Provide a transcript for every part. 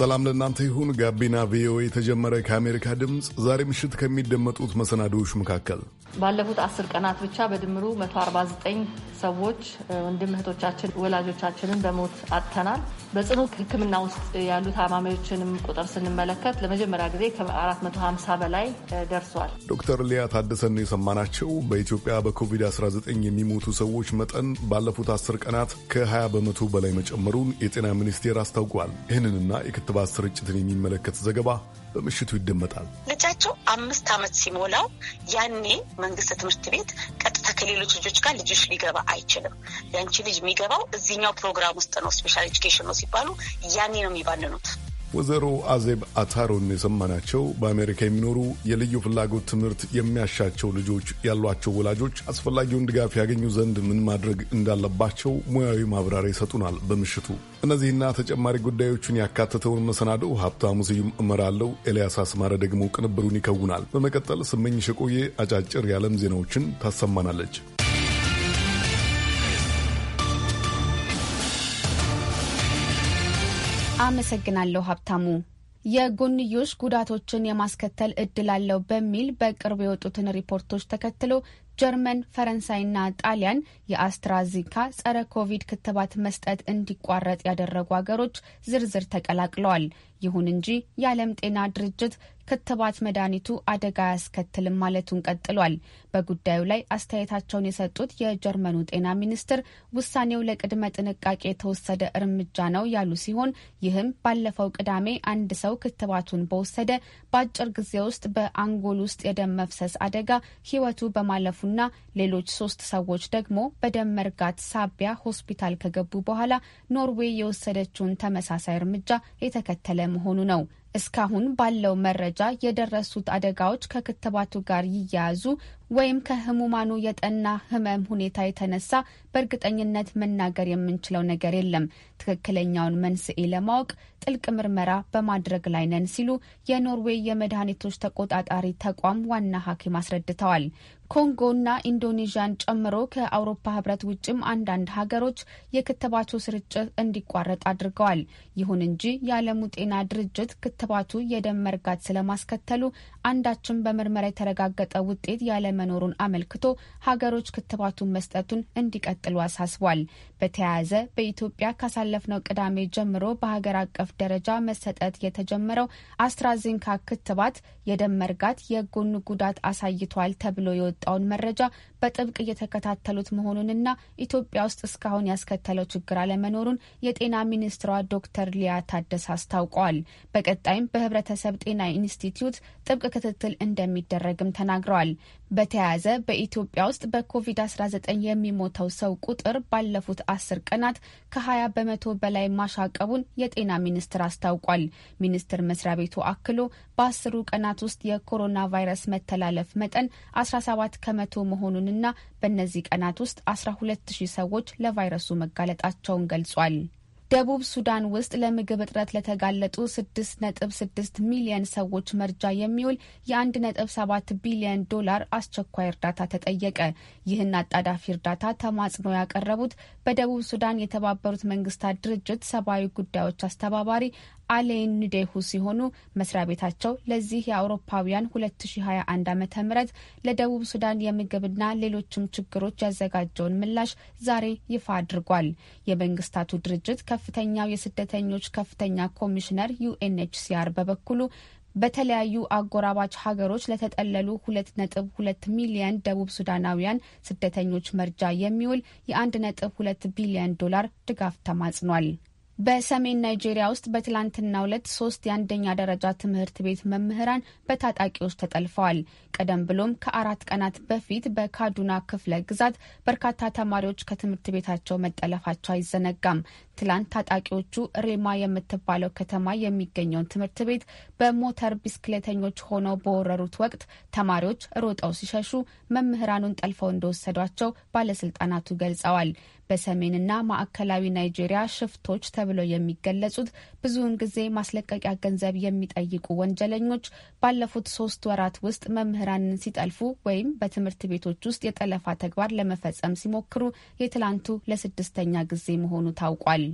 ሰላም ለእናንተ ይሁን። ጋቢና ቪኦኤ የተጀመረ ከአሜሪካ ድምፅ ዛሬ ምሽት ከሚደመጡት መሰናዶዎች መካከል ባለፉት አስር ቀናት ብቻ በድምሩ 149 ሰዎች ወንድም እህቶቻችን፣ ወላጆቻችንን በሞት አጥተናል። በጽኑ ሕክምና ውስጥ ያሉ ታማሚዎችንም ቁጥር ስንመለከት ለመጀመሪያ ጊዜ ከ450 በላይ ደርሷል። ዶክተር ሊያ ታደሰን የሰማናቸው በኢትዮጵያ በኮቪድ-19 የሚሞቱ ሰዎች መጠን ባለፉት አስር ቀናት ከ20 በመቶ በላይ መጨመሩን የጤና ሚኒስቴር አስታውቋል። ይህንንና የክትባት ስርጭትን የሚመለከት ዘገባ በምሽቱ ይደመጣል። ልጃቸው አምስት ዓመት ሲሞላው ያኔ መንግስት ትምህርት ቤት ቀጥታ ከሌሎች ልጆች ጋር ልጆች ሊገባ አይችልም። ያንቺ ልጅ የሚገባው እዚህኛው ፕሮግራም ውስጥ ነው፣ ስፔሻል ኤጁኬሽን ነው ሲባሉ ያኔ ነው የሚባንኑት። ወይዘሮ አዜብ አታሮን የሰማናቸው በአሜሪካ የሚኖሩ የልዩ ፍላጎት ትምህርት የሚያሻቸው ልጆች ያሏቸው ወላጆች አስፈላጊውን ድጋፍ ያገኙ ዘንድ ምን ማድረግ እንዳለባቸው ሙያዊ ማብራሪያ ይሰጡናል። በምሽቱ እነዚህና ተጨማሪ ጉዳዮቹን ያካተተውን መሰናደው ሀብታሙ ስዩም እመራለሁ። ኤልያስ አስማረ ደግሞ ቅንብሩን ይከውናል። በመቀጠል ስመኝሽ የቆየ አጫጭር የዓለም ዜናዎችን ታሰማናለች። አመሰግናለሁ ሀብታሙ። የጎንዮሽ ጉዳቶችን የማስከተል እድል አለው በሚል በቅርብ የወጡትን ሪፖርቶች ተከትሎ ጀርመን፣ ፈረንሳይና ጣሊያን የአስትራዚካ ጸረ ኮቪድ ክትባት መስጠት እንዲቋረጥ ያደረጉ አገሮች ዝርዝር ተቀላቅለዋል። ይሁን እንጂ የዓለም ጤና ድርጅት ክትባት መድኃኒቱ አደጋ አያስከትልም ማለቱን ቀጥሏል። በጉዳዩ ላይ አስተያየታቸውን የሰጡት የጀርመኑ ጤና ሚኒስትር ውሳኔው ለቅድመ ጥንቃቄ የተወሰደ እርምጃ ነው ያሉ ሲሆን ይህም ባለፈው ቅዳሜ አንድ ሰው ክትባቱን በወሰደ በአጭር ጊዜ ውስጥ በአንጎል ውስጥ የደም መፍሰስ አደጋ ሕይወቱ በማለፉና ሌሎች ሶስት ሰዎች ደግሞ በደም መርጋት ሳቢያ ሆስፒታል ከገቡ በኋላ ኖርዌይ የወሰደችውን ተመሳሳይ እርምጃ የተከተለ መሆኑ ነው። እስካሁን ባለው መረጃ የደረሱት አደጋዎች ከክትባቱ ጋር ይያያዙ ወይም ከህሙማኑ የጠና ህመም ሁኔታ የተነሳ በእርግጠኝነት መናገር የምንችለው ነገር የለም። ትክክለኛውን መንስኤ ለማወቅ ጥልቅ ምርመራ በማድረግ ላይ ነን ሲሉ የኖርዌይ የመድኃኒቶች ተቆጣጣሪ ተቋም ዋና ሐኪም አስረድተዋል። ኮንጎና ኢንዶኔዥያን ጨምሮ ከአውሮፓ ህብረት ውጭም አንዳንድ ሀገሮች የክትባቱ ስርጭት እንዲቋረጥ አድርገዋል። ይሁን እንጂ የዓለሙ ጤና ድርጅት ክትባቱ የደም መርጋት ስለማስከተሉ አንዳችም በምርመራ የተረጋገጠ ውጤት ያለ መኖሩን አመልክቶ ሀገሮች ክትባቱን መስጠቱን እንዲቀጥሉ አሳስቧል። በተያያዘ በኢትዮጵያ ካሳለፍነው ቅዳሜ ጀምሮ በሀገር አቀፍ ደረጃ መሰጠት የተጀመረው አስትራዜንካ ክትባት የደም መርጋት፣ የጎን ጉዳት አሳይቷል ተብሎ የወጣውን መረጃ በጥብቅ እየተከታተሉት መሆኑንና ኢትዮጵያ ውስጥ እስካሁን ያስከተለው ችግር አለመኖሩን የጤና ሚኒስትሯ ዶክተር ሊያ ታደሰ አስታውቀዋል። በቀጣይም በህብረተሰብ ጤና ኢንስቲትዩት ጥብቅ ክትትል እንደሚደረግም ተናግረዋል። በተያያዘ በኢትዮጵያ ውስጥ በኮቪድ-19 የሚሞተው ሰው ቁጥር ባለፉት አስር ቀናት ከ20 በመቶ በላይ ማሻቀቡን የጤና ሚኒስቴር አስታውቋል። ሚኒስቴር መስሪያ ቤቱ አክሎ በአስሩ ቀናት ውስጥ የኮሮና ቫይረስ መተላለፍ መጠን 17 ከመቶ መሆኑንና በእነዚህ ቀናት ውስጥ 12 ሺህ ሰዎች ለቫይረሱ መጋለጣቸውን ገልጿል። ደቡብ ሱዳን ውስጥ ለምግብ እጥረት ለተጋለጡ 6.6 ሚሊየን ሰዎች መርጃ የሚውል የ1.7 ቢሊየን ዶላር አስቸኳይ እርዳታ ተጠየቀ። ይህን አጣዳፊ እርዳታ ተማጽኖ ያቀረቡት በደቡብ ሱዳን የተባበሩት መንግስታት ድርጅት ሰብአዊ ጉዳዮች አስተባባሪ አሌን ንዴሁ ሲሆኑ መስሪያ ቤታቸው ለዚህ የአውሮፓውያን 2021 ዓ ም ለደቡብ ሱዳን የምግብና ሌሎችም ችግሮች ያዘጋጀውን ምላሽ ዛሬ ይፋ አድርጓል። የመንግስታቱ ድርጅት ከፍተኛው የስደተኞች ከፍተኛ ኮሚሽነር ዩኤንኤችሲአር በበኩሉ በተለያዩ አጎራባች ሀገሮች ለተጠለሉ ሁለት ነጥብ ሁለት ሚሊየን ደቡብ ሱዳናውያን ስደተኞች መርጃ የሚውል የአንድ ነጥብ ሁለት ቢሊየን ዶላር ድጋፍ ተማጽኗል። በሰሜን ናይጄሪያ ውስጥ በትላንትና ሁለት ሶስት የአንደኛ ደረጃ ትምህርት ቤት መምህራን በታጣቂዎች ተጠልፈዋል። ቀደም ብሎም ከአራት ቀናት በፊት በካዱና ክፍለ ግዛት በርካታ ተማሪዎች ከትምህርት ቤታቸው መጠለፋቸው አይዘነጋም። ትላንት ታጣቂዎቹ ሬማ የምትባለው ከተማ የሚገኘውን ትምህርት ቤት በሞተር ቢስክሌተኞች ሆነው በወረሩት ወቅት ተማሪዎች ሮጠው ሲሸሹ መምህራኑን ጠልፈው እንደወሰዷቸው ባለስልጣናቱ ገልጸዋል። በሰሜንና ማዕከላዊ ናይጄሪያ ሽፍቶች ተብለው የሚገለጹት ብዙውን ጊዜ ማስለቀቂያ ገንዘብ የሚጠይቁ ወንጀለኞች ባለፉት ሶስት ወራት ውስጥ መምህራንን ሲጠልፉ ወይም በትምህርት ቤቶች ውስጥ የጠለፋ ተግባር ለመፈጸም ሲሞክሩ የትላንቱ ለስድስተኛ ጊዜ መሆኑ ታውቋል።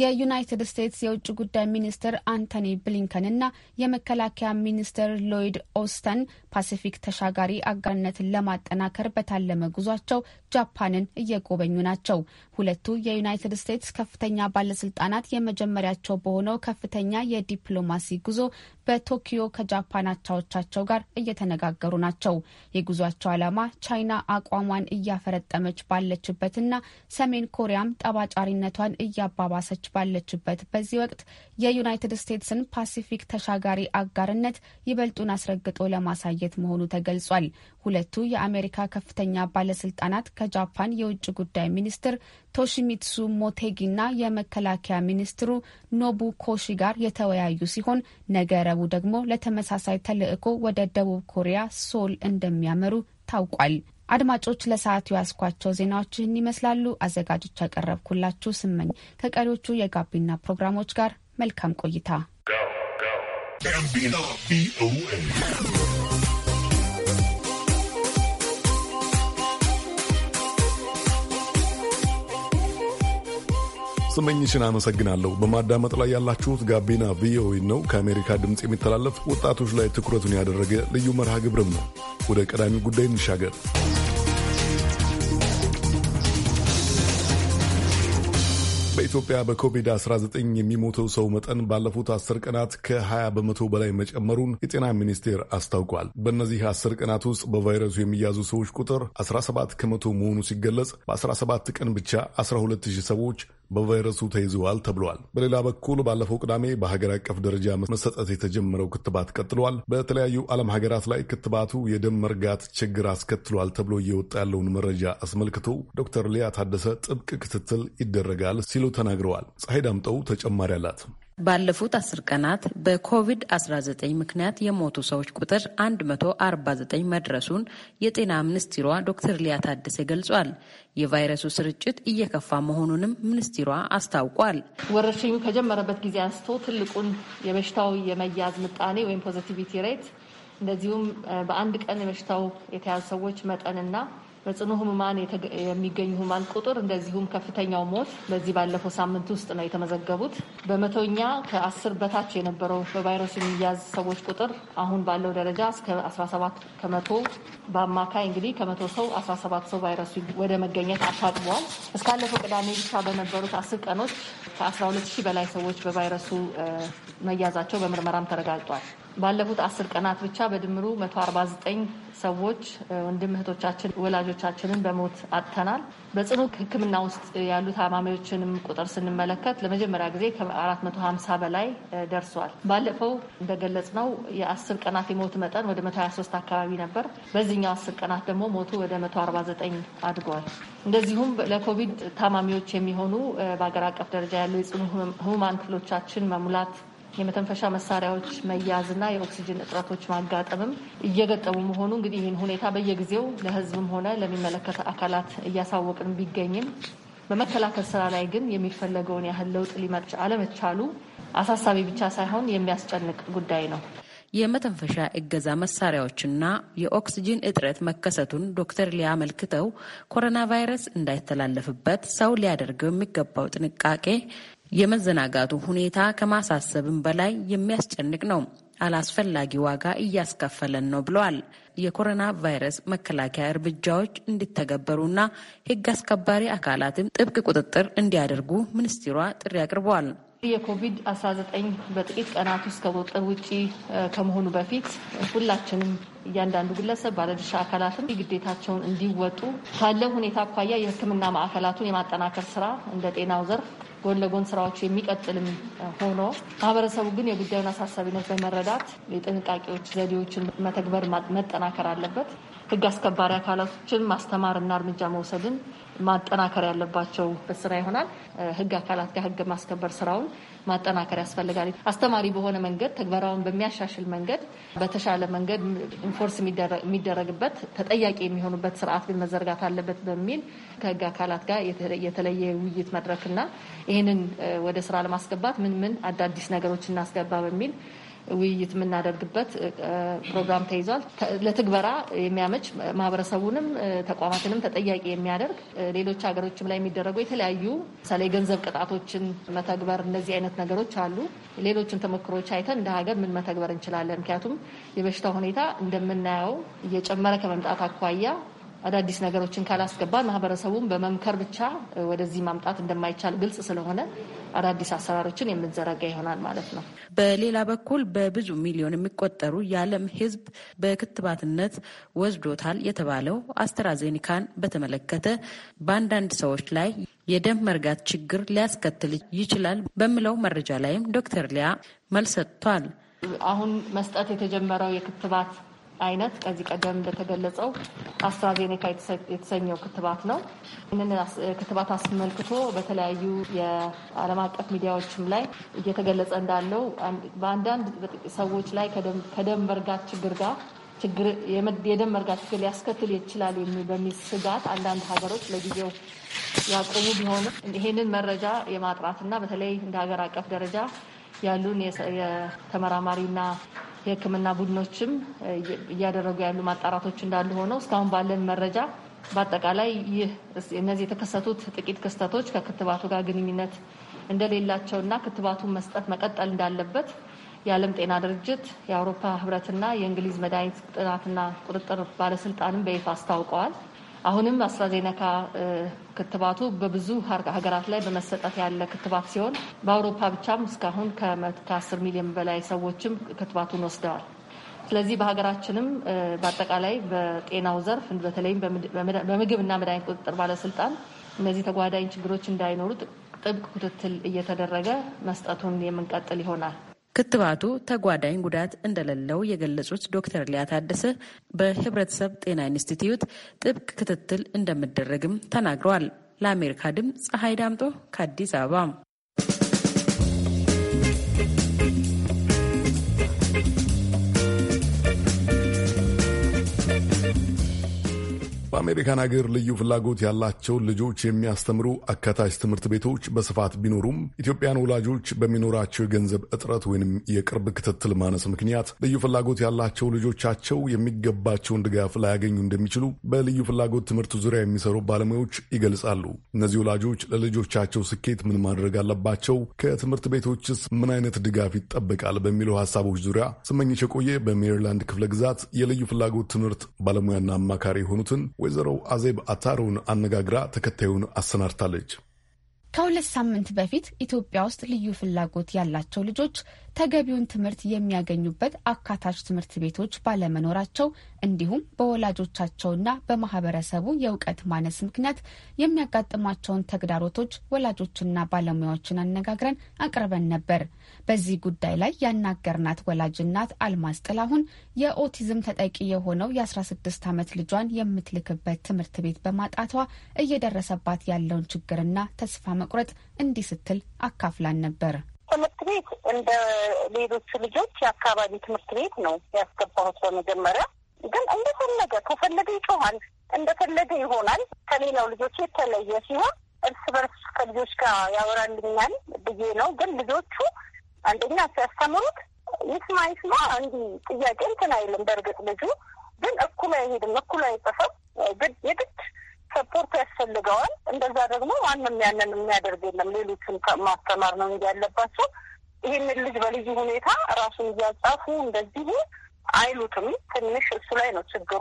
የዩናይትድ ስቴትስ የውጭ ጉዳይ ሚኒስትር አንቶኒ ብሊንከንና የመከላከያ ሚኒስትር ሎይድ ኦስተን ፓሲፊክ ተሻጋሪ አጋርነትን ለማጠናከር በታለመ ጉዟቸው ጃፓንን እየጎበኙ ናቸው። ሁለቱ የዩናይትድ ስቴትስ ከፍተኛ ባለስልጣናት የመጀመሪያቸው በሆነው ከፍተኛ የዲፕሎማሲ ጉዞ በቶኪዮ ከጃፓን አቻዎቻቸው ጋር እየተነጋገሩ ናቸው። የጉዟቸው ዓላማ ቻይና አቋሟን እያፈረጠመች ባለችበትና ሰሜን ኮሪያም ጠባጫሪነቷን እያባባሰች ባለችበት በዚህ ወቅት የዩናይትድ ስቴትስን ፓሲፊክ ተሻጋሪ አጋርነት ይበልጡን አስረግጦ ለማሳየት መሆኑ ተገልጿል። ሁለቱ የአሜሪካ ከፍተኛ ባለስልጣናት ከጃፓን የውጭ ጉዳይ ሚኒስትር ቶሺሚትሱ ሞቴጊና የመከላከያ ሚኒስትሩ ኖቡ ኮሺ ጋር የተወያዩ ሲሆን ነገ ረቡዕ ደግሞ ለተመሳሳይ ተልዕኮ ወደ ደቡብ ኮሪያ ሶል እንደሚያመሩ ታውቋል። አድማጮች ለሰዓቱ ያስኳቸው ዜናዎች ይህን ይመስላሉ። አዘጋጆች ያቀረብኩላችሁ ስመኝ ከቀሪዎቹ የጋቢና ፕሮግራሞች ጋር መልካም ቆይታ። ስመኝሽን አመሰግናለሁ። በማዳመጥ ላይ ያላችሁት ጋቢና ቪኦኤ ነው፣ ከአሜሪካ ድምፅ የሚተላለፍ ወጣቶች ላይ ትኩረቱን ያደረገ ልዩ መርሃ ግብርም ነው። ወደ ቀዳሚው ጉዳይ እንሻገር። በኢትዮጵያ በኮቪድ-19 የሚሞተው ሰው መጠን ባለፉት አስር ቀናት ከ20 በመቶ በላይ መጨመሩን የጤና ሚኒስቴር አስታውቋል። በእነዚህ አስር ቀናት ውስጥ በቫይረሱ የሚያዙ ሰዎች ቁጥር 17 ከመቶ መሆኑ ሲገለጽ በ17 ቀን ብቻ 120 ሰዎች በቫይረሱ ተይዘዋል ተብሏል። በሌላ በኩል ባለፈው ቅዳሜ በሀገር አቀፍ ደረጃ መሰጠት የተጀመረው ክትባት ቀጥሏል። በተለያዩ ዓለም ሀገራት ላይ ክትባቱ የደም መርጋት ችግር አስከትሏል ተብሎ እየወጣ ያለውን መረጃ አስመልክቶ ዶክተር ሊያ ታደሰ ጥብቅ ክትትል ይደረጋል ሲሉ ተናግረዋል። ፀሐይ ዳምጠው ተጨማሪ አላት። ባለፉት አስር ቀናት በኮቪድ-19 ምክንያት የሞቱ ሰዎች ቁጥር 149 መድረሱን የጤና ሚኒስትሯ ዶክተር ሊያ ታደሰ ገልጿል። የቫይረሱ ስርጭት እየከፋ መሆኑንም ሚኒስትሯ አስታውቋል። ወረርሽኙ ከጀመረበት ጊዜ አንስቶ ትልቁን የበሽታው የመያዝ ምጣኔ ወይም ፖዘቲቪቲ ሬት እንደዚሁም በአንድ ቀን በሽታው የተያዙ ሰዎች መጠንና በጽኑ ህሙማን የሚገኙ ህሙማን ቁጥር እንደዚሁም ከፍተኛው ሞት በዚህ ባለፈው ሳምንት ውስጥ ነው የተመዘገቡት። በመቶኛ ከአስር በታች የነበረው በቫይረሱ የሚያዝ ሰዎች ቁጥር አሁን ባለው ደረጃ እስከ 17 ከመቶ በአማካይ እንግዲህ ከመቶ ሰው 17 ሰው ቫይረሱ ወደ መገኘት አሻቅቧል። እስካለፈው ቅዳሜ ብቻ በነበሩት አስር ቀኖች ከ12 ሺህ በላይ ሰዎች በቫይረሱ መያዛቸው በምርመራም ተረጋግጧል። ባለፉት አስር ቀናት ብቻ በድምሩ 149 ሰዎች ወንድም እህቶቻችን፣ ወላጆቻችንን በሞት አጥተናል። በጽኑ ሕክምና ውስጥ ያሉ ታማሚዎችንም ቁጥር ስንመለከት ለመጀመሪያ ጊዜ ከ450 በላይ ደርሷል። ባለፈው እንደገለጽ ነው የአስር ቀናት የሞት መጠን ወደ መቶ23 አካባቢ ነበር። በዚህኛው አስር ቀናት ደግሞ ሞቱ ወደ 149 አድጓል። እንደዚሁም ለኮቪድ ታማሚዎች የሚሆኑ በሀገር አቀፍ ደረጃ ያሉ የጽኑ ህሙማን ክፍሎቻችን መሙላት የመተንፈሻ መሳሪያዎች መያዝና የኦክሲጅን እጥረቶች ማጋጠምም እየገጠሙ መሆኑ እንግዲህ ይህን ሁኔታ በየጊዜው ለህዝብም ሆነ ለሚመለከተ አካላት እያሳወቅን ቢገኝም በመከላከል ስራ ላይ ግን የሚፈለገውን ያህል ለውጥ ሊመጭ አለመቻሉ አሳሳቢ ብቻ ሳይሆን የሚያስጨንቅ ጉዳይ ነው። የመተንፈሻ እገዛ መሳሪያዎችና የኦክስጂን እጥረት መከሰቱን ዶክተር ሊያ አመልክተው ኮሮና ቫይረስ እንዳይተላለፍበት ሰው ሊያደርገው የሚገባው ጥንቃቄ የመዘናጋቱ ሁኔታ ከማሳሰብም በላይ የሚያስጨንቅ ነው። አላስፈላጊ ዋጋ እያስከፈለን ነው ብለዋል። የኮሮና ቫይረስ መከላከያ እርምጃዎች እንዲተገበሩና ሕግ አስከባሪ አካላትም ጥብቅ ቁጥጥር እንዲያደርጉ ሚኒስትሯ ጥሪ አቅርበዋል። የኮቪድ-19 በጥቂት ቀናት ውስጥ ከቁጥጥር ውጭ ከመሆኑ በፊት ሁላችንም እያንዳንዱ ግለሰብ ባለድርሻ አካላትም ግዴታቸውን እንዲወጡ ካለው ሁኔታ አኳያ የሕክምና ማዕከላቱን የማጠናከር ስራ እንደ ጤናው ዘርፍ ጎን ለጎን ስራዎቹ የሚቀጥልም ሆኖ ማህበረሰቡ ግን የጉዳዩን አሳሳቢነት በመረዳት የጥንቃቄዎች ዘዴዎችን መተግበር መጠናከር አለበት። ህግ አስከባሪ አካላቶችን ማስተማርና እርምጃ መውሰድን ማጠናከር ያለባቸው ስራ ይሆናል። ህግ አካላት ጋር ህግ ማስከበር ስራውን ማጠናከር ያስፈልጋል። አስተማሪ በሆነ መንገድ ተግበራውን በሚያሻሽል መንገድ በተሻለ መንገድ ኢንፎርስ የሚደረግበት ተጠያቂ የሚሆኑበት ስርዓት መዘርጋት አለበት በሚል ከህግ አካላት ጋር የተለየ ውይይት መድረክና ይህንን ወደ ስራ ለማስገባት ምን ምን አዳዲስ ነገሮች እናስገባ በሚል ውይይት የምናደርግበት ፕሮግራም ተይዟል። ለትግበራ የሚያመች ማህበረሰቡንም ተቋማትንም ተጠያቂ የሚያደርግ ሌሎች ሀገሮችም ላይ የሚደረጉ የተለያዩ ምሳሌ የገንዘብ ቅጣቶችን መተግበር እነዚህ አይነት ነገሮች አሉ። ሌሎችን ተሞክሮች አይተን እንደ ሀገር ምን መተግበር እንችላለን? ምክንያቱም የበሽታ ሁኔታ እንደምናየው እየጨመረ ከመምጣት አኳያ አዳዲስ ነገሮችን ካላስገባ ማህበረሰቡን በመምከር ብቻ ወደዚህ ማምጣት እንደማይቻል ግልጽ ስለሆነ አዳዲስ አሰራሮችን የምንዘረጋ ይሆናል ማለት ነው። በሌላ በኩል በብዙ ሚሊዮን የሚቆጠሩ የዓለም ሕዝብ በክትባትነት ወስዶታል የተባለው አስትራዜኒካን በተመለከተ በአንዳንድ ሰዎች ላይ የደም መርጋት ችግር ሊያስከትል ይችላል በሚለው መረጃ ላይም ዶክተር ሊያ መልስ ሰጥቷል። አሁን መስጠት የተጀመረው የክትባት አይነት ከዚህ ቀደም እንደተገለጸው አስትራዜኔካ የተሰኘው ክትባት ነው። ይህንን ክትባት አስመልክቶ በተለያዩ የዓለም አቀፍ ሚዲያዎችም ላይ እየተገለጸ እንዳለው በአንዳንድ ሰዎች ላይ ከደም መርጋት ችግር ጋር ችግር የደም መርጋት ችግር ሊያስከትል ይችላል በሚል ስጋት አንዳንድ ሀገሮች ለጊዜው ያቆሙ ቢሆንም ይህንን መረጃ የማጥራትና በተለይ እንደ ሀገር አቀፍ ደረጃ ያሉን የተመራማሪና የህክምና ቡድኖችም እያደረጉ ያሉ ማጣራቶች እንዳሉ ሆነው እስካሁን ባለን መረጃ በአጠቃላይ ይህ እነዚህ የተከሰቱት ጥቂት ክስተቶች ከክትባቱ ጋር ግንኙነት እንደሌላቸውና ክትባቱን መስጠት መቀጠል እንዳለበት የዓለም ጤና ድርጅት የአውሮፓ ህብረትና የእንግሊዝ መድኃኒት ጥናትና ቁጥጥር ባለስልጣንም በይፋ አስታውቀዋል። አሁንም አስትራዜነካ ክትባቱ በብዙ ሀገራት ላይ በመሰጠት ያለ ክትባት ሲሆን በአውሮፓ ብቻም እስካሁን ከአስር ሚሊዮን በላይ ሰዎችም ክትባቱን ወስደዋል። ስለዚህ በሀገራችንም በአጠቃላይ በጤናው ዘርፍ በተለይም በምግብና መድኃኒት ቁጥጥር ባለስልጣን እነዚህ ተጓዳኝ ችግሮች እንዳይኖሩ ጥብቅ ክትትል እየተደረገ መስጠቱን የምንቀጥል ይሆናል። ክትባቱ ተጓዳኝ ጉዳት እንደሌለው የገለጹት ዶክተር ሊያ ታደሰ በህብረተሰብ ጤና ኢንስቲትዩት ጥብቅ ክትትል እንደሚደረግም ተናግረዋል። ለአሜሪካ ድምፅ ፀሐይ ዳምጦ ከአዲስ አበባ በአሜሪካን ሀገር ልዩ ፍላጎት ያላቸውን ልጆች የሚያስተምሩ አካታች ትምህርት ቤቶች በስፋት ቢኖሩም ኢትዮጵያን ወላጆች በሚኖራቸው የገንዘብ እጥረት ወይንም የቅርብ ክትትል ማነስ ምክንያት ልዩ ፍላጎት ያላቸው ልጆቻቸው የሚገባቸውን ድጋፍ ላያገኙ እንደሚችሉ በልዩ ፍላጎት ትምህርት ዙሪያ የሚሰሩ ባለሙያዎች ይገልጻሉ። እነዚህ ወላጆች ለልጆቻቸው ስኬት ምን ማድረግ አለባቸው? ከትምህርት ቤቶችስ ምን አይነት ድጋፍ ይጠበቃል? በሚለው ሀሳቦች ዙሪያ ስመኝሽ የቆየ በሜሪላንድ ክፍለ ግዛት የልዩ ፍላጎት ትምህርት ባለሙያና አማካሪ የሆኑትን ወይዘሮ አዜብ አታሩን አነጋግራ ተከታዩን አሰናድታለች። ከሁለት ሳምንት በፊት ኢትዮጵያ ውስጥ ልዩ ፍላጎት ያላቸው ልጆች ተገቢውን ትምህርት የሚያገኙበት አካታች ትምህርት ቤቶች ባለመኖራቸው እንዲሁም በወላጆቻቸውና በማህበረሰቡ የእውቀት ማነስ ምክንያት የሚያጋጥሟቸውን ተግዳሮቶች ወላጆችና ባለሙያዎችን አነጋግረን አቅርበን ነበር። በዚህ ጉዳይ ላይ ያናገርናት ወላጅ እናት አልማዝ ጥላሁን የኦቲዝም ተጠቂ የሆነው የ16 ዓመት ልጇን የምትልክበት ትምህርት ቤት በማጣቷ እየደረሰባት ያለውን ችግርና ተስፋ መቁረጥ እንዲህ ስትል አካፍላን ነበር። ትምህርት ቤት እንደ ሌሎቹ ልጆች የአካባቢ ትምህርት ቤት ነው ያስገባሁት በመጀመሪያ ግን እንደፈለገ ከፈለገ ይጮሃል፣ እንደፈለገ ይሆናል። ከሌላው ልጆች የተለየ ሲሆን እርስ በርስ ከልጆች ጋር ያወራልኛል ብዬ ነው። ግን ልጆቹ አንደኛ ሲያስተምሩት ይስማ ይስማ እንዲህ ጥያቄ እንትን አይልም። በእርግጥ ልጁ ግን እኩል አይሄድም፣ እኩል አይጽፍም። የግድ ሰፖርት ያስፈልገዋል። እንደዛ ደግሞ ማንም ያንን የሚያደርግ የለም። ሌሎችን ማስተማር ነው እንዲ ያለባቸው። ይህንን ልጅ በልዩ ሁኔታ ራሱን እያጻፉ እንደዚሁ አይሉትም። ትንሽ እሱ ላይ ነው ችግሩ።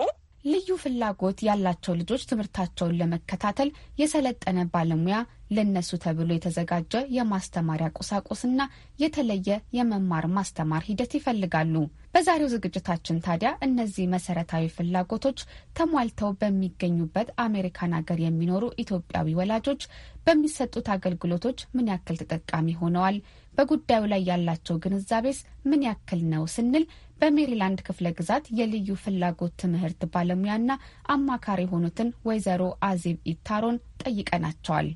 ልዩ ፍላጎት ያላቸው ልጆች ትምህርታቸውን ለመከታተል የሰለጠነ ባለሙያ ለነሱ ተብሎ የተዘጋጀ የማስተማሪያ ቁሳቁስና የተለየ የመማር ማስተማር ሂደት ይፈልጋሉ። በዛሬው ዝግጅታችን ታዲያ እነዚህ መሰረታዊ ፍላጎቶች ተሟልተው በሚገኙበት አሜሪካን ሀገር የሚኖሩ ኢትዮጵያዊ ወላጆች በሚሰጡት አገልግሎቶች ምን ያክል ተጠቃሚ ሆነዋል፣ በጉዳዩ ላይ ያላቸው ግንዛቤስ ምን ያክል ነው ስንል በሜሪላንድ ክፍለ ግዛት የልዩ ፍላጎት ትምህርት ባለሙያና አማካሪ የሆኑትን ወይዘሮ አዜብ ኢታሮን ጠይቀናቸዋል።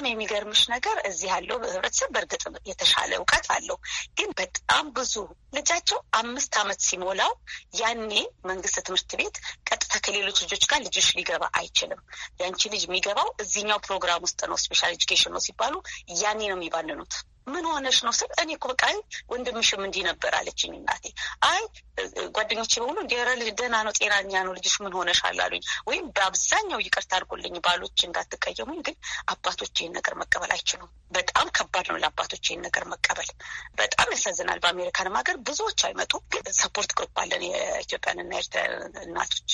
በጣም የሚገርምሽ ነገር እዚህ ያለው ህብረተሰብ በእርግጥ የተሻለ እውቀት አለው፣ ግን በጣም ብዙ ልጃቸው አምስት ዓመት ሲሞላው ያኔ መንግስት ትምህርት ቤት ቀጥታ ከሌሎች ልጆች ጋር ልጆች ሊገባ አይችልም። ያንቺ ልጅ የሚገባው እዚህኛው ፕሮግራም ውስጥ ነው፣ ስፔሻል ኤጁኬሽን ነው ሲባሉ ያኔ ነው የሚባንኑት። ምን ሆነሽ ነው ስል እኔ እኮ በቃ ወንድምሽም እንዲህ ነበር አለችኝ እናቴ። አይ ጓደኞች ጓደኞቼ በሙሉ ደህና ነው ጤናኛ ነው ልጅሽ ምን ሆነሽ አላሉኝ። ወይም በአብዛኛው ይቅርታ አድርጎልኝ ባሎች እንዳትቀየሙኝ፣ ግን አባቶች ይህን ነገር መቀበል አይችሉም። በጣም ከባድ ነው ለአባቶች ይህን ነገር መቀበል። በጣም ያሳዝናል። በአሜሪካንም ሀገር ብዙዎች አይመጡም። ሰፖርት ግሩፕ አለን የኢትዮጵያንና ኤርትራ እናቶች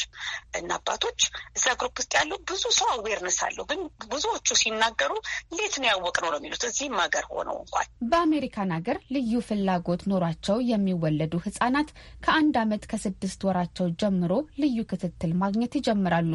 እና አባቶች። እዛ ግሩፕ ውስጥ ያለው ብዙ ሰው አዌርነስ አለው። ግን ብዙዎቹ ሲናገሩ ሌት ነው ያወቅነው ነው የሚሉት እዚህም ሀገር ሆነው እንኳ ገልጿል። በአሜሪካን ሀገር ልዩ ፍላጎት ኖሯቸው የሚወለዱ ህጻናት ከአንድ ዓመት ከስድስት ወራቸው ጀምሮ ልዩ ክትትል ማግኘት ይጀምራሉ።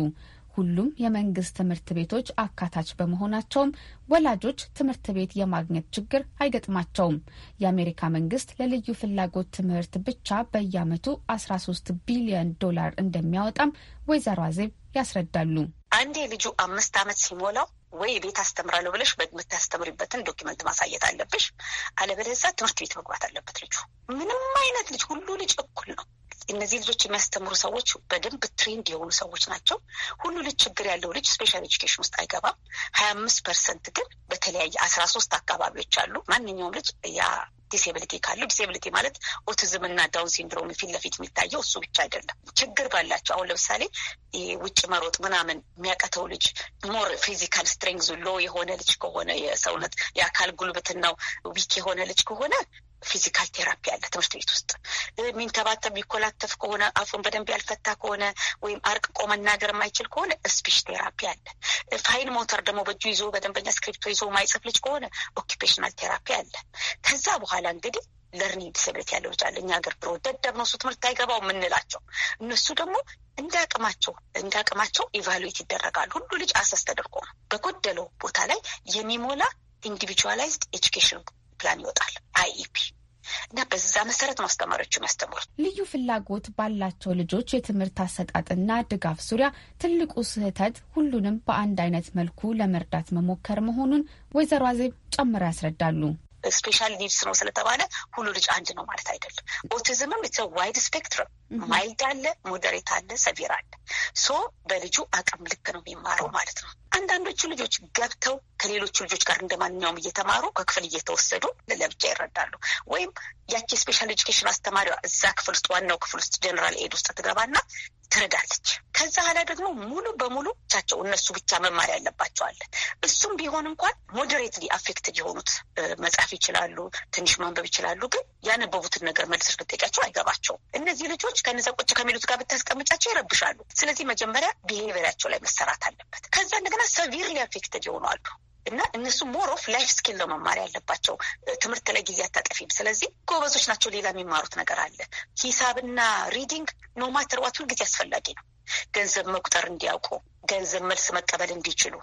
ሁሉም የመንግስት ትምህርት ቤቶች አካታች በመሆናቸውም ወላጆች ትምህርት ቤት የማግኘት ችግር አይገጥማቸውም። የአሜሪካ መንግስት ለልዩ ፍላጎት ትምህርት ብቻ በየአመቱ 13 ቢሊዮን ዶላር እንደሚያወጣም ወይዘሮ አዜብ ያስረዳሉ። አንዴ ልጁ አምስት ዓመት ሲሞላው ወይ ቤት አስተምራለሁ ብለሽ የምታስተምሪበትን ዶኪመንት ማሳየት አለብሽ። አለበለዚያ ትምህርት ቤት መግባት አለበት ልጁ። ምንም አይነት ልጅ ሁሉ ልጅ እኩል ነው። እነዚህ ልጆች የሚያስተምሩ ሰዎች በደንብ ትሬንድ የሆኑ ሰዎች ናቸው። ሁሉ ልጅ ችግር ያለው ልጅ ስፔሻል ኤጁኬሽን ውስጥ አይገባም። ሀያ አምስት ፐርሰንት ግን በተለያየ አስራ ሶስት አካባቢዎች አሉ። ማንኛውም ልጅ ያ ዲሴብሊቲ ካለው ዲሴብሊቲ ማለት ኦቲዝም እና ዳውን ሲንድሮም ፊት ለፊት የሚታየው እሱ ብቻ አይደለም። ችግር ባላቸው አሁን ለምሳሌ ውጭ መሮጥ ምናምን የሚያቀተው ልጅ ሞር ፊዚካል ስትሬንግዝ ሎ የሆነ ልጅ ከሆነ የሰውነት የአካል ጉልበትናው ዊክ የሆነ ልጅ ከሆነ ፊዚካል ቴራፒ አለ። ትምህርት ቤት ውስጥ የሚንተባተብ የሚኮላተፍ ከሆነ አፉን በደንብ ያልፈታ ከሆነ ወይም አርቅቆ መናገር የማይችል ከሆነ ስፒች ቴራፒ አለ። ፋይን ሞተር ደግሞ በእጁ ይዞ በደንበኛ ስክሪፕቶ ይዞ ማይጽፍ ልጅ ከሆነ ኦኪፔሽናል ቴራፒ አለ። ከዛ በኋላ እንግዲህ ለርኒንግ ዲስብሊቲ ያለው ልጅ አለ። እኛ ሀገር ድሮ ደደብ ነው እሱ ትምህርት አይገባው የምንላቸው እነሱ ደግሞ እንደ አቅማቸው እንደ አቅማቸው ኢቫሉዌት ይደረጋል። ሁሉ ልጅ አሰስ ተደርጎ ነው በጎደለው ቦታ ላይ የሚሞላ ኢንዲቪጁዋላይዝድ ኤጁኬሽን ፕላን ይወጣል አይኢፒ እና በዛ መሰረት ነው ያስተምሩ። ልዩ ፍላጎት ባላቸው ልጆች የትምህርት አሰጣጥና ድጋፍ ዙሪያ ትልቁ ስህተት ሁሉንም በአንድ አይነት መልኩ ለመርዳት መሞከር መሆኑን ወይዘሮ አዜብ ጨምረው ያስረዳሉ። ስፔሻል ኒድስ ነው ስለተባለ ሁሉ ልጅ አንድ ነው ማለት አይደለም። ኦቲዝምም ኢትስ ዋይድ ስፔክትረም ማይልድ አለ፣ ሞደሬት አለ፣ ሰቪር አለ። ሶ በልጁ አቅም ልክ ነው የሚማረው ማለት ነው። አንዳንዶቹ ልጆች ገብተው ከሌሎቹ ልጆች ጋር እንደ ማንኛውም እየተማሩ ከክፍል እየተወሰዱ ለብቻ ይረዳሉ። ወይም ያቺ ስፔሻል ኤጁኬሽን አስተማሪዋ እዛ ክፍል ውስጥ ዋናው ክፍል ውስጥ ጀነራል ኤድ ውስጥ ትገባና ትረዳለች ከዛ ኋላ ደግሞ ሙሉ በሙሉ ቻቸው እነሱ ብቻ መማር ያለባቸዋለን። እሱም ቢሆን እንኳን ሞዴሬትሊ አፌክትድ የሆኑት መጻፍ ይችላሉ፣ ትንሽ ማንበብ ይችላሉ። ግን ያነበቡትን ነገር መልስ ብትጠይቂያቸው አይገባቸውም። እነዚህ ልጆች ከነዛ ቁጭ ከሚሉት ጋር ብታስቀምጫቸው ይረብሻሉ። ስለዚህ መጀመሪያ ብሄቪራቸው ላይ መሰራት አለበት። ከዛ እንደገና ሰቪርሊ አፌክትድ የሆኑ አሉ። እና እነሱ ሞር ኦፍ ላይፍ ስኪል ነው መማር ያለባቸው። ትምህርት ላይ ጊዜ አታጠፊም። ስለዚህ ጎበዞች ናቸው። ሌላ የሚማሩት ነገር አለ። ሂሳብና ሪዲንግ ኖማተር ዋት ሁልጊዜ አስፈላጊ ነው። ገንዘብ መቁጠር እንዲያውቁ፣ ገንዘብ መልስ መቀበል እንዲችሉ፣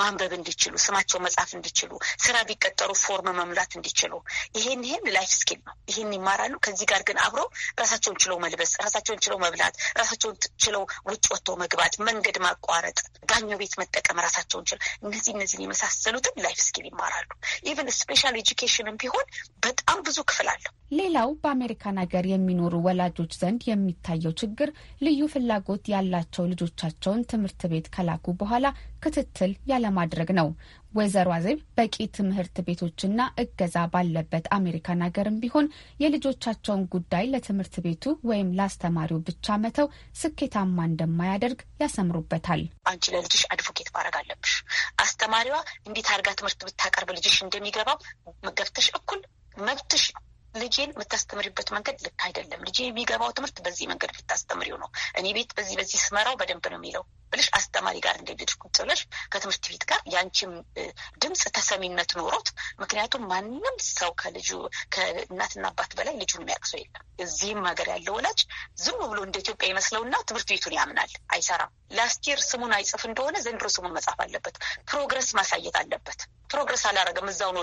ማንበብ እንዲችሉ፣ ስማቸው መጻፍ እንዲችሉ፣ ስራ ቢቀጠሩ ፎርም መምላት እንዲችሉ፣ ይሄን ይሄን ላይፍ ስኪል ነው። ይሄን ይማራሉ። ከዚህ ጋር ግን አብረው ራሳቸውን ችለው መልበስ፣ ራሳቸውን ችለው መብላት፣ ራሳቸውን ችለው ውጭ ወጥተው መግባት፣ መንገድ ማቋረጥ፣ ባኞ ቤት መጠቀም ራሳቸውን ችለው እነዚህ እነዚህን የመሳሰሉትን ላይፍ ስኪል ይማራሉ። ኢቨን ስፔሻል ኤጁኬሽንም ቢሆን በጣም ብዙ ክፍል አለው። ሌላው በአሜሪካን ሀገር የሚኖሩ ወላጆች ዘንድ የሚታየው ችግር ልዩ ፍላጎት ያላቸው ልጆቻቸውን ትምህርት ቤት ከላኩ በኋላ ክትትል ያለማድረግ ነው። ወይዘሮ አዜብ በቂ ትምህርት ቤቶችና እገዛ ባለበት አሜሪካን ሀገርም ቢሆን የልጆቻቸውን ጉዳይ ለትምህርት ቤቱ ወይም ለአስተማሪው ብቻ መተው ስኬታማ እንደማያደርግ ያሰምሩበታል። አንቺ ለልጅሽ አድቮኬት ማድረግ አለብሽ። አስተማሪዋ እንዴት አድርጋ ትምህርት ብታቀርብ ልጅሽ እንደሚገባው መገብተሽ እኩል መብትሽ ነው። ልጄን የምታስተምሪበት መንገድ ልክ አይደለም፣ ልጄ የሚገባው ትምህርት በዚህ መንገድ ብታስተምሪው ነው፣ እኔ ቤት በዚህ በዚህ ስመራው በደንብ ነው የሚለው ብልሽ አስተማሪ ጋር እንደሄድሽ ቁጭ ብለሽ ከትምህርት ቤት ጋር ያንቺም ድምፅ ተሰሚነት ኖሮት። ምክንያቱም ማንም ሰው ከልጁ ከእናትና አባት በላይ ልጁን የሚያቅሰው የለም። እዚህም ሀገር ያለው ወላጅ ዝም ብሎ እንደ ኢትዮጵያ ይመስለውና ትምህርት ቤቱን ያምናል። አይሰራም። ላስት ስሙን አይጽፍ እንደሆነ ዘንድሮ ስሙን መጻፍ አለበት። ፕሮግረስ ማሳየት አለበት። ፕሮግረስ አላረገም እዛው ነው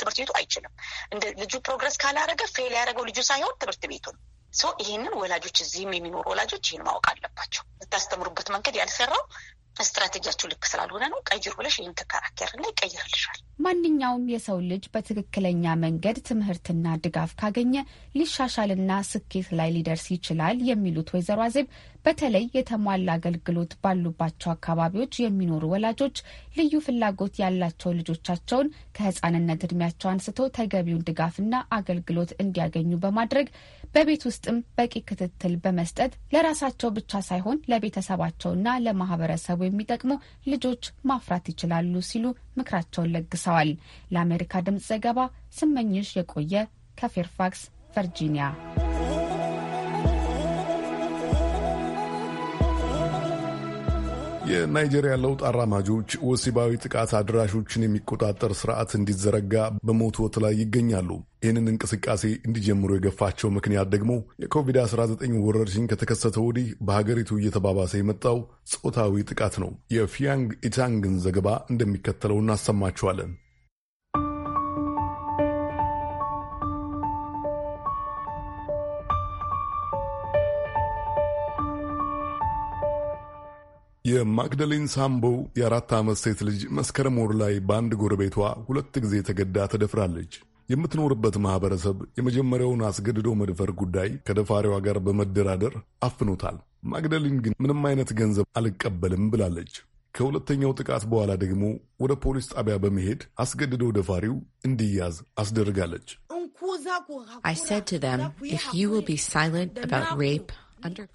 ትምህርት ቤቱ አይችልም። እንደ ልጁ ፕሮግረስ ካላረ ካላደረገ ፌል ያደረገው ልጁ ሳይሆን ትምህርት ቤቱ ነው። ይህንን ወላጆች እዚህም የሚኖሩ ወላጆች ይህን ማወቅ አለባቸው። የምታስተምሩበት መንገድ ያልሰራው ስትራቴጂያቸው ልክ ስላልሆነ ነው ቀይር ብለሽ ይህን ትከራከርና ይቀይርልሻል። ማንኛውም የሰው ልጅ በትክክለኛ መንገድ ትምህርትና ድጋፍ ካገኘ ሊሻሻልና ስኬት ላይ ሊደርስ ይችላል የሚሉት ወይዘሮ አዜብ በተለይ የተሟላ አገልግሎት ባሉባቸው አካባቢዎች የሚኖሩ ወላጆች ልዩ ፍላጎት ያላቸው ልጆቻቸውን ከሕፃንነት እድሜያቸው አንስቶ ተገቢውን ድጋፍና አገልግሎት እንዲያገኙ በማድረግ በቤት ውስጥም በቂ ክትትል በመስጠት ለራሳቸው ብቻ ሳይሆን ለቤተሰባቸውና ለማህበረሰቡ የሚጠቅሙ ልጆች ማፍራት ይችላሉ ሲሉ ምክራቸውን ለግሰዋል። ለአሜሪካ ድምፅ ዘገባ ስመኝሽ የቆየ ከፌርፋክስ ቨርጂኒያ የናይጄሪያ ለውጥ አራማጆች ወሲባዊ ጥቃት አድራሾችን የሚቆጣጠር ስርዓት እንዲዘረጋ በመወትወት ላይ ይገኛሉ። ይህንን እንቅስቃሴ እንዲጀምሩ የገፋቸው ምክንያት ደግሞ የኮቪድ-19 ወረርሽኝ ከተከሰተ ወዲህ በሀገሪቱ እየተባባሰ የመጣው ጾታዊ ጥቃት ነው። የፊያንግ ኢታንግን ዘገባ እንደሚከተለው እናሰማችኋለን። የማግደሌን ሳምቦ የአራት ዓመት ሴት ልጅ መስከረም ወር ላይ በአንድ ጎረቤቷ ሁለት ጊዜ ተገዳ ተደፍራለች። የምትኖርበት ማኅበረሰብ የመጀመሪያውን አስገድዶ መድፈር ጉዳይ ከደፋሪዋ ጋር በመደራደር አፍኖታል። ማግደሊን ግን ምንም አይነት ገንዘብ አልቀበልም ብላለች። ከሁለተኛው ጥቃት በኋላ ደግሞ ወደ ፖሊስ ጣቢያ በመሄድ አስገድዶ ደፋሪው እንዲያዝ አስደርጋለች። I said to them, if you will be silent about rape,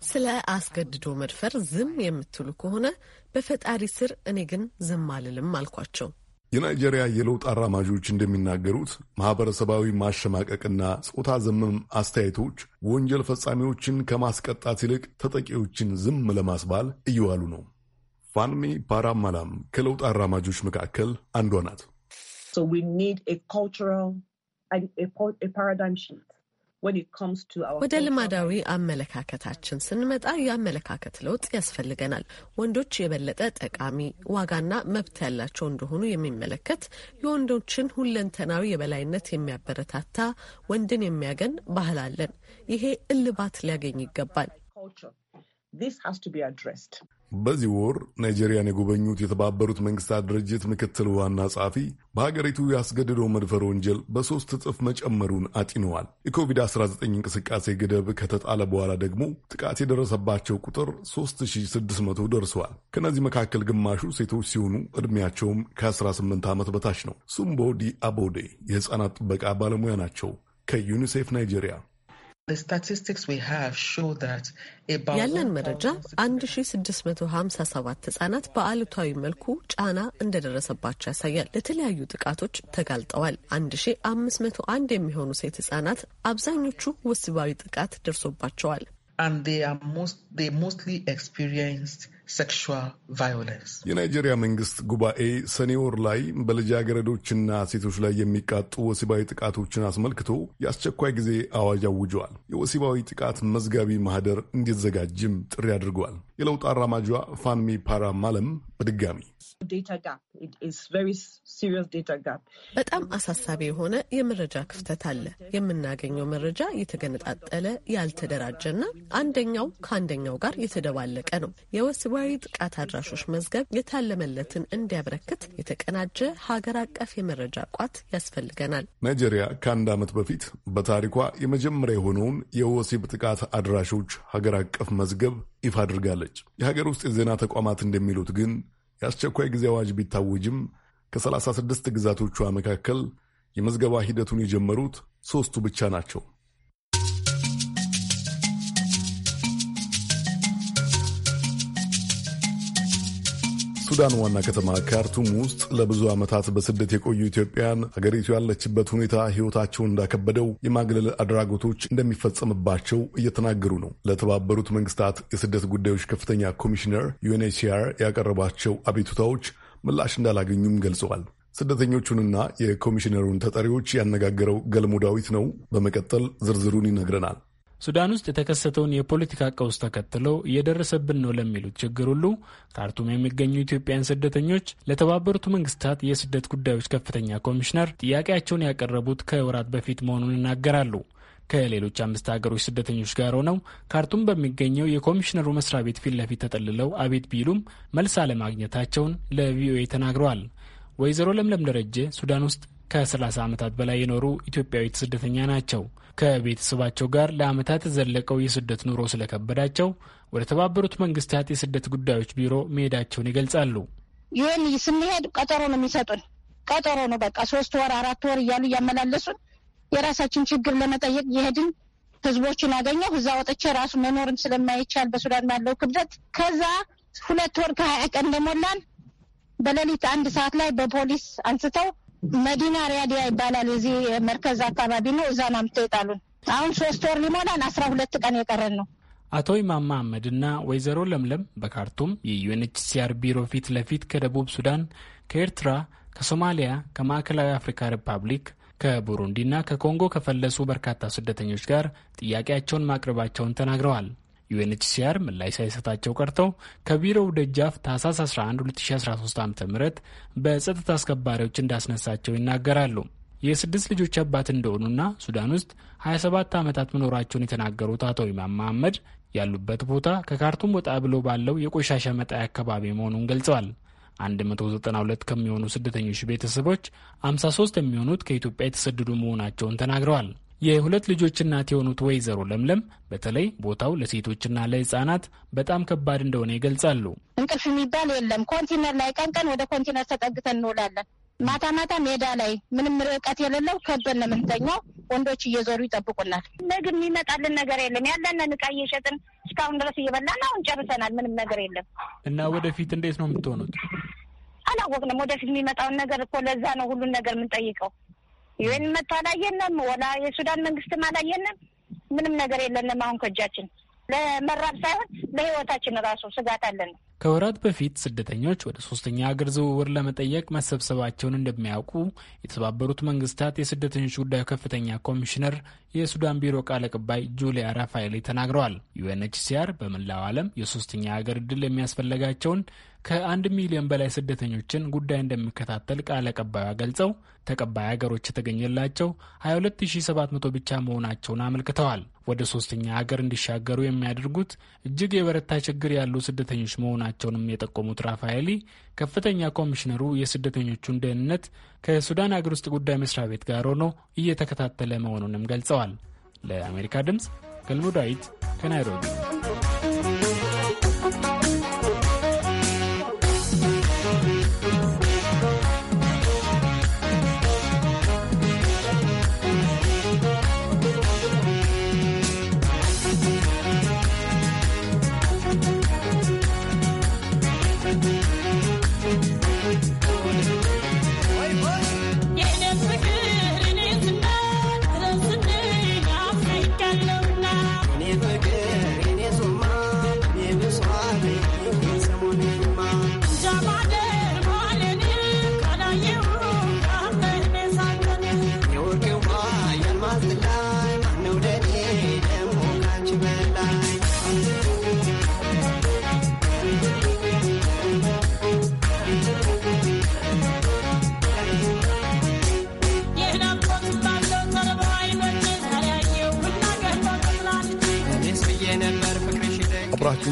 ስለ አስገድዶ መድፈር ዝም የምትሉ ከሆነ በፈጣሪ ስር እኔ ግን ዝም አልልም አልኳቸው። የናይጄሪያ የለውጥ አራማጆች እንደሚናገሩት ማህበረሰባዊ ማሸማቀቅና ጾታ ዘመም አስተያየቶች ወንጀል ፈጻሚዎችን ከማስቀጣት ይልቅ ተጠቂዎችን ዝም ለማስባል እየዋሉ ነው። ፋንሚ ፓራማላም ከለውጥ አራማጆች መካከል አንዷ ናት። ወደ ልማዳዊ አመለካከታችን ስንመጣ የአመለካከት ለውጥ ያስፈልገናል። ወንዶች የበለጠ ጠቃሚ ዋጋና መብት ያላቸው እንደሆኑ የሚመለከት የወንዶችን ሁለንተናዊ የበላይነት የሚያበረታታ ወንድን የሚያገን ባህል አለን። ይሄ እልባት ሊያገኝ ይገባል። በዚህ ወር ናይጄሪያን የጎበኙት የተባበሩት መንግስታት ድርጅት ምክትል ዋና ጸሐፊ በሀገሪቱ ያስገድደው መድፈር ወንጀል በሦስት እጥፍ መጨመሩን አጢነዋል። የኮቪድ-19 እንቅስቃሴ ገደብ ከተጣለ በኋላ ደግሞ ጥቃት የደረሰባቸው ቁጥር 3600 ደርሰዋል። ከነዚህ መካከል ግማሹ ሴቶች ሲሆኑ ዕድሜያቸውም ከ18 ዓመት በታች ነው። ዲ አቦዴ የሕፃናት ጥበቃ ባለሙያ ናቸው ከዩኒሴፍ ናይጄሪያ ያለን መረጃ 1657 ህጻናት በአሉታዊ መልኩ ጫና እንደደረሰባቸው ያሳያል። ለተለያዩ ጥቃቶች ተጋልጠዋል። 1501 የሚሆኑ ሴት ህጻናት አብዛኞቹ ወሲባዊ ጥቃት ደርሶባቸዋል። And they are most, they mostly experienced ሴክሹዋል ቫዮለንስ። የናይጄሪያ መንግስት ጉባኤ ሰኔ ወር ላይ በልጃገረዶችና ሴቶች ላይ የሚቃጡ ወሲባዊ ጥቃቶችን አስመልክቶ የአስቸኳይ ጊዜ አዋጅ አውጇል። የወሲባዊ ጥቃት መዝጋቢ ማህደር እንዲዘጋጅም ጥሪ አድርጓል። የለውጥ አራማጇ ፋንሚ ፓራ ማለም በድጋሚ በጣም አሳሳቢ የሆነ የመረጃ ክፍተት አለ። የምናገኘው መረጃ የተገነጣጠለ ያልተደራጀና አንደኛው ከአንደኛው ጋር የተደባለቀ ነው። የወሲባ ወይ ጥቃት አድራሾች መዝገብ የታለመለትን እንዲያበረክት የተቀናጀ ሀገር አቀፍ የመረጃ ቋት ያስፈልገናል። ናይጄሪያ ከአንድ ዓመት በፊት በታሪኳ የመጀመሪያ የሆነውን የወሲብ ጥቃት አድራሾች ሀገር አቀፍ መዝገብ ይፋ አድርጋለች። የሀገር ውስጥ የዜና ተቋማት እንደሚሉት ግን የአስቸኳይ ጊዜ አዋጅ ቢታወጅም ከ36 ግዛቶቿ መካከል የመዝገባ ሂደቱን የጀመሩት ሦስቱ ብቻ ናቸው። ሱዳን ዋና ከተማ ካርቱም ውስጥ ለብዙ ዓመታት በስደት የቆዩ ኢትዮጵያን ሀገሪቱ ያለችበት ሁኔታ ሕይወታቸውን እንዳከበደው የማግለል አድራጎቶች እንደሚፈጸምባቸው እየተናገሩ ነው። ለተባበሩት መንግስታት የስደት ጉዳዮች ከፍተኛ ኮሚሽነር ዩኤንኤችሲአር ያቀረባቸው አቤቱታዎች ምላሽ እንዳላገኙም ገልጸዋል። ስደተኞቹንና የኮሚሽነሩን ተጠሪዎች ያነጋገረው ገልሞ ዳዊት ነው። በመቀጠል ዝርዝሩን ይነግረናል። ሱዳን ውስጥ የተከሰተውን የፖለቲካ ቀውስ ተከትለው እየደረሰብን ነው ለሚሉት ችግር ሁሉ ካርቱም የሚገኙ ኢትዮጵያን ስደተኞች ለተባበሩት መንግስታት የስደት ጉዳዮች ከፍተኛ ኮሚሽነር ጥያቄያቸውን ያቀረቡት ከወራት በፊት መሆኑን ይናገራሉ። ከሌሎች አምስት ሀገሮች ስደተኞች ጋር ሆነው ካርቱም በሚገኘው የኮሚሽነሩ መስሪያ ቤት ፊት ለፊት ተጠልለው አቤት ቢሉም መልስ አለማግኘታቸውን ለቪኦኤ ተናግረዋል። ወይዘሮ ለምለም ደረጀ ሱዳን ውስጥ ከ30 ዓመታት በላይ የኖሩ ኢትዮጵያዊት ስደተኛ ናቸው። ከቤተሰባቸው ጋር ለአመታት የዘለቀው የስደት ኑሮ ስለከበዳቸው ወደ ተባበሩት መንግስታት የስደት ጉዳዮች ቢሮ መሄዳቸውን ይገልጻሉ። ይህን ስንሄድ ቀጠሮ ነው የሚሰጡን። ቀጠሮ ነው በቃ ሶስት ወር አራት ወር እያሉ እያመላለሱን የራሳችን ችግር ለመጠየቅ እየሄድን ህዝቦችን አገኘሁ። እዛ ወጥቼ ራሱ መኖርም ስለማይቻል በሱዳን ባለው ክብደት ከዛ ሁለት ወር ከሀያ ቀን እንደሞላን በሌሊት አንድ ሰዓት ላይ በፖሊስ አንስተው መዲና ሪያዲያ ይባላል። እዚህ መርከዝ አካባቢ ነው። እዛ አምጥተው የጣሉን። አሁን ሶስት ወር ሊሞላን አስራ ሁለት ቀን የቀረን ነው። አቶ ኢማም አህመድ እና ወይዘሮ ለምለም በካርቱም የዩኤንኤችሲአር ቢሮ ፊት ለፊት ከደቡብ ሱዳን፣ ከኤርትራ፣ ከሶማሊያ፣ ከማዕከላዊ አፍሪካ ሪፐብሊክ፣ ከቡሩንዲ ከኮንጎ ከፈለሱ በርካታ ስደተኞች ጋር ጥያቄያቸውን ማቅረባቸውን ተናግረዋል። ዩኤንኤችሲአር ምላሽ ሳይሰጣቸው ቀርተው ከቢሮው ደጃፍ ታህሳስ 11 2013 ዓ ም በጸጥታ አስከባሪዎች እንዳስነሳቸው ይናገራሉ። የስድስት ልጆች አባት እንደሆኑና ሱዳን ውስጥ 27 ዓመታት መኖራቸውን የተናገሩት አቶ ኢማም መሐመድ ያሉበት ቦታ ከካርቱም ወጣ ብሎ ባለው የቆሻሻ መጣያ አካባቢ መሆኑን ገልጸዋል። 192 ከሚሆኑ ስደተኞች ቤተሰቦች 53 የሚሆኑት ከኢትዮጵያ የተሰደዱ መሆናቸውን ተናግረዋል። የሁለት ልጆች እናት የሆኑት ወይዘሮ ለምለም በተለይ ቦታው ለሴቶችና ለህጻናት በጣም ከባድ እንደሆነ ይገልጻሉ። እንቅልፍ የሚባል የለም። ኮንቲነር ላይ ቀን ቀን ወደ ኮንቲነር ተጠግተን እንውላለን። ማታ ማታ ሜዳ ላይ ምንም ርቀት የሌለው ከበን ለምንተኛው ወንዶች እየዞሩ ይጠብቁናል። ምግብ የሚመጣልን ነገር የለም። ያለንን እቃ እየሸጥን እስካሁን ድረስ እየበላን አሁን ጨርሰናል። ምንም ነገር የለም እና ወደፊት እንዴት ነው የምትሆኑት? አላወቅንም። ወደፊት የሚመጣውን ነገር እኮ ለዛ ነው ሁሉን ነገር የምንጠይቀው። ዩኤን መጥቶ አላየንም። ወላ የሱዳን መንግስትም አላየንም። ምንም ነገር የለንም አሁን ከእጃችን ለመራብ ሳይሆን ለህይወታችን ራሱ ስጋት አለን። ከወራት በፊት ስደተኞች ወደ ሶስተኛ ሀገር ዝውውር ለመጠየቅ መሰብሰባቸውን እንደሚያውቁ የተባበሩት መንግስታት የስደተኞች ጉዳዩ ከፍተኛ ኮሚሽነር የሱዳን ቢሮ ቃል አቀባይ ጁሊያ ራፋኤሌ ተናግረዋል። ዩኤንኤችሲአር በመላው ዓለም የሶስተኛ ሀገር እድል የሚያስፈለጋቸውን ከአንድ ሚሊዮን በላይ ስደተኞችን ጉዳይ እንደሚከታተል ቃል ቀባዩ ገልጸው ተቀባይ ሀገሮች የተገኘላቸው 22700 ብቻ መሆናቸውን አመልክተዋል። ወደ ሶስተኛ ሀገር እንዲሻገሩ የሚያደርጉት እጅግ የበረታ ችግር ያሉ ስደተኞች መሆናቸውንም የጠቆሙት ራፋኤሊ ከፍተኛ ኮሚሽነሩ የስደተኞቹን ደህንነት ከሱዳን ሀገር ውስጥ ጉዳይ መስሪያ ቤት ጋር ሆኖ እየተከታተለ መሆኑንም ገልጸዋል። ለአሜሪካ ድምፅ ገልሞ ዳዊት ከናይሮቢ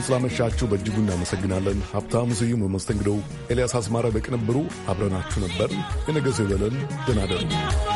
አብራችሁን ስላመሻችሁ በእጅጉ እናመሰግናለን። ሀብታሙ ስዩም በመስተንግዶው፣ ኤልያስ አስማረ በቅንብሩ አብረናችሁ ነበር። የነገ ሰው ይበለን። ደህና እደሩ።